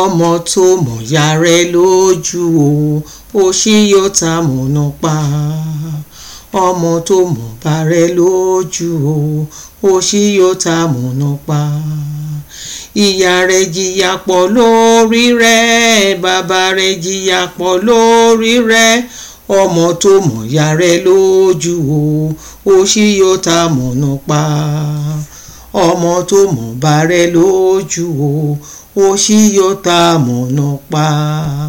ọmọ tó mọ̀yá rẹ̀ lójú o ó ṣí yóò ta mọ̀nà pa ọmọ tó mọ̀ bá rẹ̀ lójú o ó ṣí yóò ta mọ̀nà pa ìyá rẹ̀ jìyà pọ̀ lórí rẹ̀ bàbá rẹ̀ jìyà pọ̀ lórí rẹ̀ ọmọ tó mọ̀yá rẹ̀ lójú o ó ṣí yóò ta mọ̀nà pa ọmọ tó mọ̀ bá rẹ lójú o ó sì yọ mọ̀nà pa.